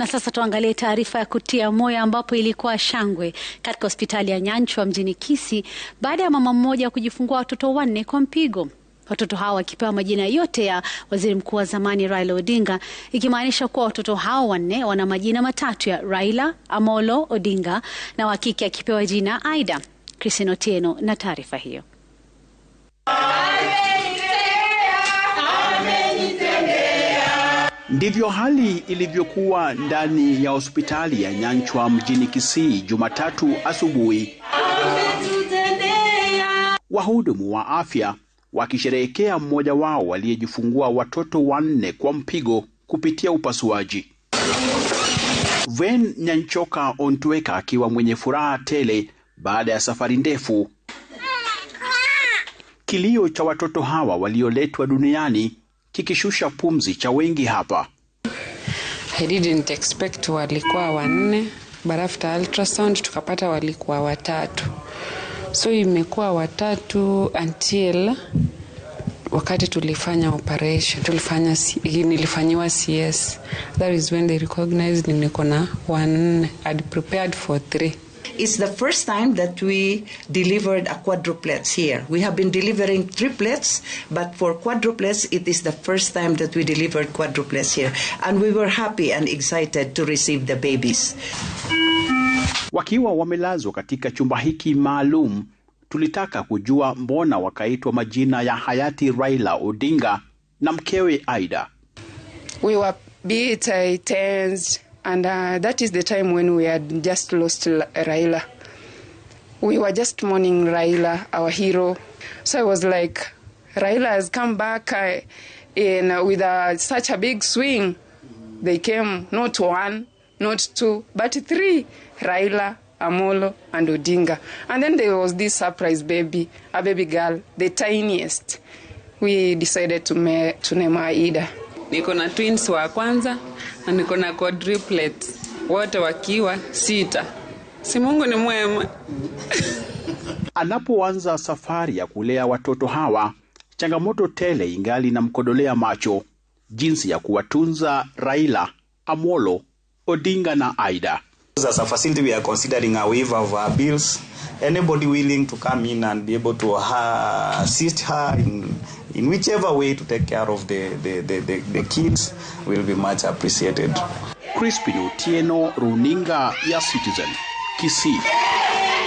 Na sasa tuangalie taarifa ya kutia moyo ambapo ilikuwa shangwe katika hospitali ya Nyanchwa mjini Kisii baada ya mama mmoja kujifungua watoto wanne kwa mpigo. Watoto hao wakipewa majina yote ya waziri mkuu wa zamani Raila Odinga, ikimaanisha kuwa watoto hao wanne wana majina matatu ya Raila, Amolo Odinga na wa kike akipewa jina Aida. Christine Otieno na taarifa hiyo. Ndivyo hali ilivyokuwa ndani ya hospitali ya Nyanchwa mjini Kisii Jumatatu asubuhi, wahudumu wa afya wakisherehekea mmoja wao aliyejifungua watoto wanne kwa mpigo kupitia upasuaji. Ven Nyanchoka Ontweka akiwa mwenye furaha tele baada ya safari ndefu. Kilio cha watoto hawa walioletwa duniani kikishusha pumzi cha wengi hapa. I didn't expect walikuwa wanne, but after ultrasound tukapata walikuwa watatu, so imekuwa watatu until wakati tulifanya operation tulifanya, nilifanyiwa CS that is when they recognized niko na wanne, had prepared for three It's the first time that we delivered a quadruplets here. We have been delivering triplets, but for quadruplets, it is the first time that we delivered quadruplets here. And we were happy and excited to receive the babies. Wakiwa wamelazwa katika chumba hiki maalum, tulitaka kujua mbona wakaitwa majina ya hayati Raila Odinga na mkewe Aida. We were bit, uh, tense. And uh, that is the time when we had just lost Raila. We were just mourning Raila, our hero. So I was like, Raila has come back uh, in, uh, with uh, such a big swing. They came not one, not two, but three Raila, Amolo, and Odinga. And then there was this surprise baby, a baby girl, the tiniest. We decided to, ma- to name her Ida. niko na twins wa kwanza na niko na quadruplets wote wakiwa sita. Si Mungu ni mwema. Anapoanza safari ya kulea watoto hawa, changamoto tele ingali mkodolea macho, jinsi ya kuwatunza Raila, Amolo Odinga na Aida. As a facility, we are considering a waiver of our bills. Anybody willing to come in and be able to uh, assist her in, in whichever way to take care of the, the, the, the, the kids will be much appreciated. Crispin Otieno, Runinga ya Citizen, Kisii.